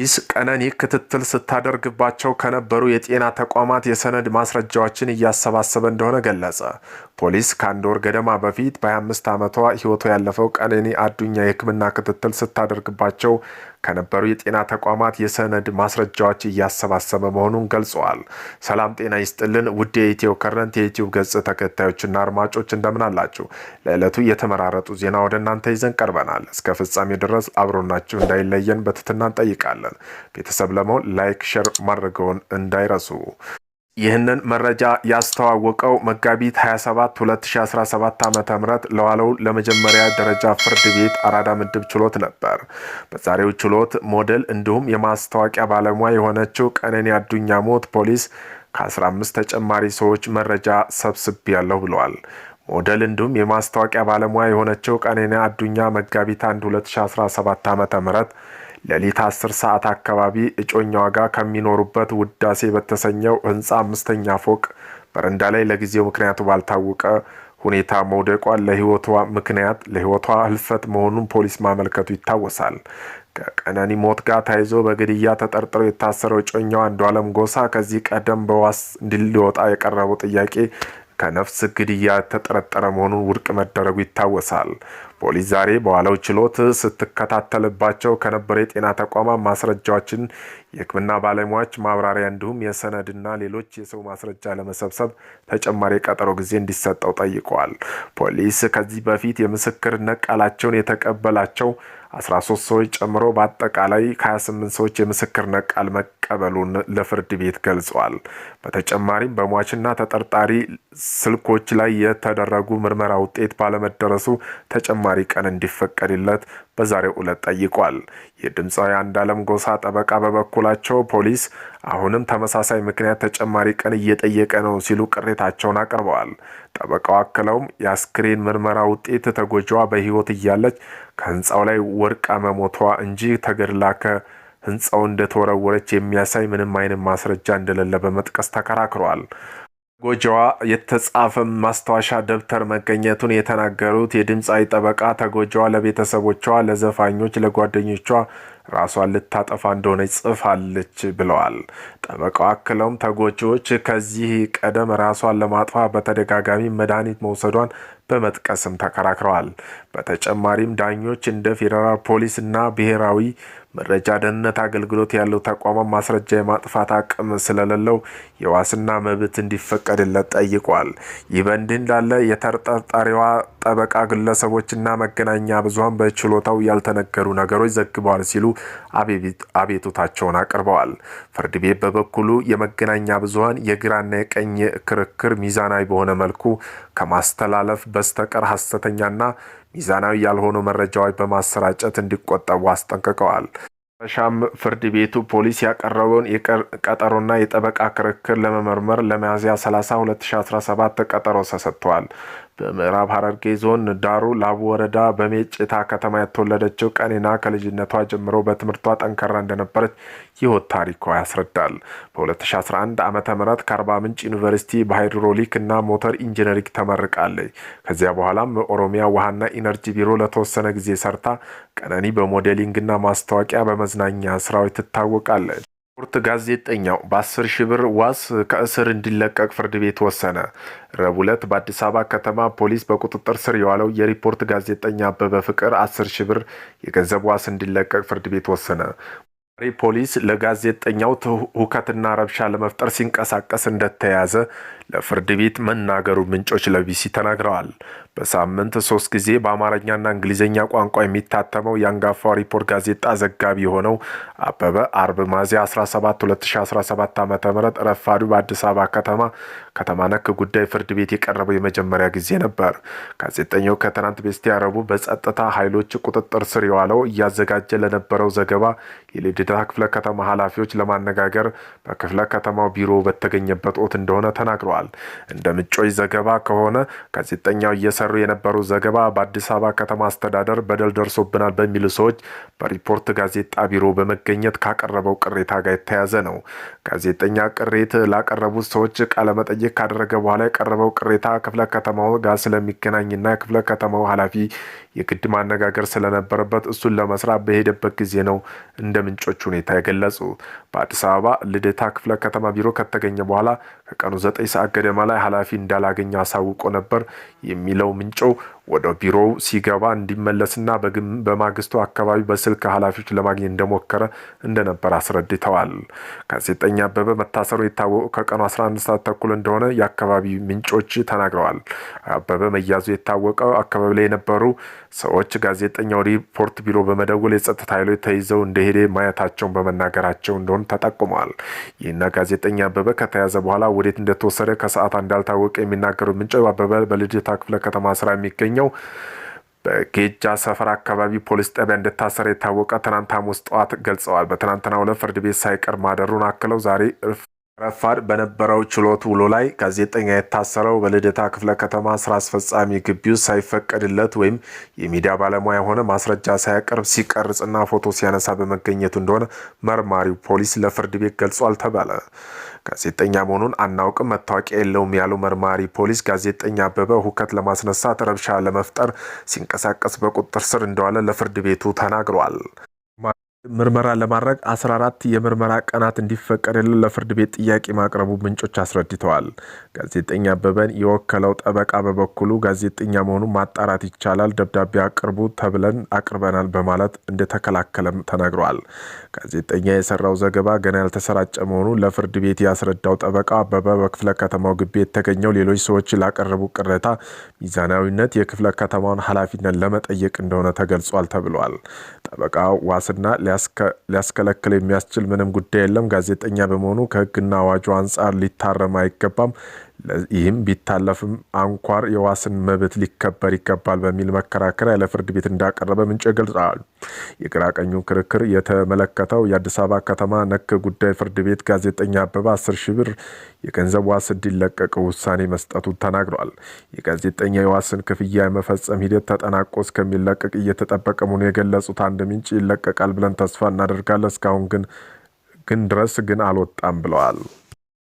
ፖሊስ ቀነኒ ክትትል ስታደርግባቸው ከነበሩ የጤና ተቋማት የሰነድ ማስረጃዎችን እያሰባሰበ እንደሆነ ገለጸ። ፖሊስ ከአንድ ወር ገደማ በፊት በ25 ዓመቷ ሕይወቷ ያለፈው ቀነኒ አዱኛ የሕክምና ክትትል ስታደርግባቸው ከነበሩ የጤና ተቋማት የሰነድ ማስረጃዎች እያሰባሰበ መሆኑን ገልጸዋል። ሰላም ጤና ይስጥልን ውድ የኢትዮ ከረንት የዩቲዩብ ገጽ ተከታዮችና አድማጮች እንደምን አላችሁ? ለዕለቱ የተመራረጡ ዜና ወደ እናንተ ይዘን ቀርበናል። እስከ ፍጻሜ ድረስ አብሮናችሁ እንዳይለየን በትትና እንጠይቃለን። ቤተሰብ ለመሆን ላይክ፣ ሸር ማድረገውን እንዳይረሱ ይህንን መረጃ ያስተዋወቀው መጋቢት 27 2017 ዓ ም ለዋለው ለመጀመሪያ ደረጃ ፍርድ ቤት አራዳ ምድብ ችሎት ነበር። በዛሬው ችሎት ሞዴል እንዲሁም የማስታወቂያ ባለሙያ የሆነችው ቀነኒ አዱኛ ሞት ፖሊስ ከ15 ተጨማሪ ሰዎች መረጃ ያለው ብለዋል። ሞዴል እንዲሁም የማስታወቂያ ባለሙያ የሆነችው ቀነኒ አዱኛ መጋቢት 1 2017 ዓ ም ሌሊት 10 ሰዓት አካባቢ እጮኛዋ ጋር ከሚኖሩበት ውዳሴ በተሰኘው ህንፃ አምስተኛ ፎቅ በረንዳ ላይ ለጊዜው ምክንያቱ ባልታወቀ ሁኔታ መውደቋን ለህይወቷ ምክንያት ለህይወቷ ህልፈት መሆኑን ፖሊስ ማመልከቱ ይታወሳል። ከቀነኒ ሞት ጋር ተያይዞ በግድያ ተጠርጥረው የታሰረው እጮኛው አንዷለም ጎሳ ከዚህ ቀደም በዋስ እንዲወጣ የቀረበው ጥያቄ ከነፍስ ግድያ ተጠረጠረ መሆኑን ውድቅ መደረጉ ይታወሳል። ፖሊስ ዛሬ በዋለው ችሎት ስትከታተልባቸው ከነበረ የጤና ተቋማት ማስረጃዎችን፣ የሕክምና ባለሙያዎች ማብራሪያ እንዲሁም የሰነድና ሌሎች የሰው ማስረጃ ለመሰብሰብ ተጨማሪ የቀጠሮ ጊዜ እንዲሰጠው ጠይቀዋል። ፖሊስ ከዚህ በፊት የምስክርነት ቃላቸውን የተቀበላቸው 13 ሰዎች ጨምሮ በአጠቃላይ ከ28 ሰዎች የምስክርነት ቃል መቀበሉን ለፍርድ ቤት ገልጸዋል። በተጨማሪም በሟችና ተጠርጣሪ ስልኮች ላይ የተደረጉ ምርመራ ውጤት ባለመደረሱ ተጨማሪ ቀን እንዲፈቀድለት በዛሬው ዕለት ጠይቋል። የድምፃዊ አንዳለም ጎሳ ጠበቃ በበኩላቸው ፖሊስ አሁንም ተመሳሳይ ምክንያት ተጨማሪ ቀን እየጠየቀ ነው ሲሉ ቅሬታቸውን አቅርበዋል። ጠበቃው አክለውም የአስክሬን ምርመራ ውጤት ተጎጂዋ በሕይወት እያለች ከህንፃው ላይ ወድቃ መሞቷ እንጂ ተገድላ ከህንፃው እንደተወረወረች የሚያሳይ ምንም አይነት ማስረጃ እንደሌለ በመጥቀስ ተከራክረዋል። ተጎጂዋ የተጻፈ ማስታወሻ ደብተር መገኘቱን የተናገሩት የድምፃዊ ጠበቃ ተጎጂዋ ለቤተሰቦቿ፣ ለዘፋኞች፣ ለጓደኞቿ ራሷን ልታጠፋ እንደሆነ ጽፋለች ብለዋል። ጠበቃው አክለውም ተጎጂዎች ከዚህ ቀደም ራሷን ለማጥፋ በተደጋጋሚ መድኃኒት መውሰዷን በመጥቀስም ተከራክረዋል። በተጨማሪም ዳኞች እንደ ፌዴራል ፖሊስ እና ብሔራዊ መረጃ ደህንነት አገልግሎት ያለው ተቋማት ማስረጃ የማጥፋት አቅም ስለሌለው የዋስና መብት እንዲፈቀድለት ጠይቋል። ይህ በእንዲህ እንዳለ የተጠርጣሪዋ ጠበቃ ግለሰቦችና መገናኛ ብዙኃን በችሎታው ያልተነገሩ ነገሮች ዘግበዋል ሲሉ አቤቱታቸውን አቅርበዋል። ፍርድ ቤት በበኩሉ የመገናኛ ብዙኃን የግራና የቀኝ ክርክር ሚዛናዊ በሆነ መልኩ ከማስተላለፍ በ በስተቀር ሐሰተኛና ሚዛናዊ ያልሆኑ መረጃዎች በማሰራጨት እንዲቆጠቡ አስጠንቅቀዋል። መጨረሻም ፍርድ ቤቱ ፖሊስ ያቀረበውን የቀጠሮና የጠበቃ ክርክር ለመመርመር ለሚያዝያ 30 2017 ቀጠሮ ተሰጥተዋል። በምዕራብ ሐረርጌ ዞን ዳሩ ላቡ ወረዳ በሜጭታ ከተማ የተወለደችው ቀኔና ከልጅነቷ ጀምሮ በትምህርቷ ጠንካራ እንደነበረች ሕይወት ታሪኳ ያስረዳል። በ2011 ዓ ም ከአርባ ምንጭ ዩኒቨርሲቲ በሃይድሮሊክ እና ሞተር ኢንጂነሪንግ ተመርቃለች። ከዚያ በኋላም ኦሮሚያ ውሃና ኢነርጂ ቢሮ ለተወሰነ ጊዜ ሰርታ ቀነኒ በሞዴሊንግና ማስታወቂያ በመዝናኛ ስራዎች ትታወቃለች። ስፖርት ጋዜጠኛው በ10 ሺህ ብር ዋስ ከእስር እንዲለቀቅ ፍርድ ቤት ወሰነ። ረቡዕ ዕለት በአዲስ አበባ ከተማ ፖሊስ በቁጥጥር ስር የዋለው የሪፖርት ጋዜጠኛ አበበ ፍቅር 10 ሺህ ብር የገንዘብ ዋስ እንዲለቀቅ ፍርድ ቤት ወሰነ። ፖሊስ ለጋዜጠኛው ሁከትና ረብሻ ለመፍጠር ሲንቀሳቀስ እንደተያዘ ለፍርድ ቤት መናገሩ ምንጮች ለቢሲ ተናግረዋል። በሳምንት ሶስት ጊዜ በአማርኛና እንግሊዝኛ ቋንቋ የሚታተመው የአንጋፋው ሪፖርት ጋዜጣ ዘጋቢ የሆነው አበበ አርብ ሚያዝያ 17 2017 ዓ ም ረፋዱ በአዲስ አበባ ከተማ ከተማ ነክ ጉዳይ ፍርድ ቤት የቀረበው የመጀመሪያ ጊዜ ነበር። ጋዜጠኛው ከትናንት በስቲያ ረቡዕ በጸጥታ ኃይሎች ቁጥጥር ስር የዋለው እያዘጋጀ ለነበረው ዘገባ የልደታ ክፍለ ከተማ ኃላፊዎች ለማነጋገር በክፍለ ከተማው ቢሮ በተገኘበት ወቅት እንደሆነ ተናግረዋል። ተናግረዋል። እንደ ምንጮች ዘገባ ከሆነ ጋዜጠኛው እየሰሩ የነበሩ ዘገባ በአዲስ አበባ ከተማ አስተዳደር በደል ደርሶብናል በሚሉ ሰዎች በሪፖርት ጋዜጣ ቢሮ በመገኘት ካቀረበው ቅሬታ ጋር የተያዘ ነው። ጋዜጠኛ ቅሬት ላቀረቡት ሰዎች ቃለመጠይቅ ካደረገ በኋላ የቀረበው ቅሬታ ክፍለ ከተማው ጋር ስለሚገናኝና ክፍለ ከተማው ኃላፊ የግድ ማነጋገር ስለነበረበት እሱን ለመስራት በሄደበት ጊዜ ነው እንደ ምንጮች ሁኔታ የገለጹ። በአዲስ አበባ ልደታ ክፍለ ከተማ ቢሮ ከተገኘ በኋላ ከቀኑ ዘጠኝ ሰዓት ገደማ ላይ ኃላፊ እንዳላገኘ አሳውቆ ነበር የሚለው ምንጮ ወደ ቢሮው ሲገባ እንዲመለስና በማግስቱ አካባቢ በስልክ ኃላፊዎች ለማግኘት እንደሞከረ እንደነበር አስረድተዋል። ጋዜጠኛ አበበ መታሰሩ የታወቀው ከቀኑ 11 ሰዓት ተኩል እንደሆነ የአካባቢ ምንጮች ተናግረዋል። አበበ መያዙ የታወቀው አካባቢ ላይ የነበሩ ሰዎች ጋዜጠኛው ሪፖርት ቢሮ በመደወል የጸጥታ ኃይሎች ተይዘው እንደሄደ ማየታቸውን በመናገራቸው እንደሆን ተጠቁመዋል። ይህና ጋዜጠኛ አበበ ከተያዘ በኋላ ወዴት እንደተወሰደ ከሰዓት እንዳልታወቀ የሚናገሩ ምንጭ አበበ በልደታ ክፍለ ከተማ ስራ የሚገኘው በጌጃ ሰፈር አካባቢ ፖሊስ ጣቢያ እንደታሰረ የታወቀ ትናንት ሐሙስ ጠዋት ገልጸዋል። በትናንትናው ዕለት ፍርድ ቤት ሳይቀር ማደሩን አክለው ዛሬ ረፋድ በነበረው ችሎት ውሎ ላይ ጋዜጠኛ የታሰረው በልደታ ክፍለ ከተማ ስራ አስፈጻሚ ግቢ ውስጥ ሳይፈቀድለት ወይም የሚዲያ ባለሙያ የሆነ ማስረጃ ሳያቀርብ ሲቀርጽና ፎቶ ሲያነሳ በመገኘቱ እንደሆነ መርማሪው ፖሊስ ለፍርድ ቤት ገልጿል ተባለ። ጋዜጠኛ መሆኑን አናውቅም፣ መታወቂያ የለውም ያሉ መርማሪ ፖሊስ ጋዜጠኛ አበበ ሁከት ለማስነሳት፣ ረብሻ ለመፍጠር ሲንቀሳቀስ በቁጥጥር ስር እንደዋለ ለፍርድ ቤቱ ተናግሯል። ምርመራ ለማድረግ 14 የምርመራ ቀናት እንዲፈቀድልን ለፍርድ ቤት ጥያቄ ማቅረቡ ምንጮች አስረድተዋል። ጋዜጠኛ አበበን የወከለው ጠበቃ በበኩሉ ጋዜጠኛ መሆኑን ማጣራት ይቻላል፣ ደብዳቤ አቅርቡ ተብለን አቅርበናል በማለት እንደተከላከለም ተናግረዋል። ጋዜጠኛ የሰራው ዘገባ ገና ያልተሰራጨ መሆኑን ለፍርድ ቤት ያስረዳው ጠበቃ አበበ በክፍለ ከተማው ግቢ የተገኘው ሌሎች ሰዎች ላቀረቡ ቅሬታ ሚዛናዊነት የክፍለ ከተማውን ኃላፊነት ለመጠየቅ እንደሆነ ተገልጿል ተብሏል። ጠበቃ ዋስና ሊያስከለክል የሚያስችል ምንም ጉዳይ የለም። ጋዜጠኛ በመሆኑ ከህግና አዋጁ አንጻር ሊታረም አይገባም። ይህም ቢታለፍም አንኳር የዋስን መብት ሊከበር ይገባል በሚል መከራከሪያ ለፍርድ ቤት እንዳቀረበ ምንጭ ገልጸዋል። የግራቀኙ ክርክር የተመለከተው የአዲስ አበባ ከተማ ነክ ጉዳይ ፍርድ ቤት ጋዜጠኛ አበበ አስር ሺህ ብር የገንዘብ ዋስ እንዲለቀቅ ውሳኔ መስጠቱን ተናግሯል። የጋዜጠኛ የዋስን ክፍያ የመፈጸም ሂደት ተጠናቆ እስከሚለቀቅ እየተጠበቀ መሆኑ የገለጹት አንድ ምንጭ ይለቀቃል ብለን ተስፋ እናደርጋለን እስካሁን ግን ግን ድረስ ግን አልወጣም ብለዋል።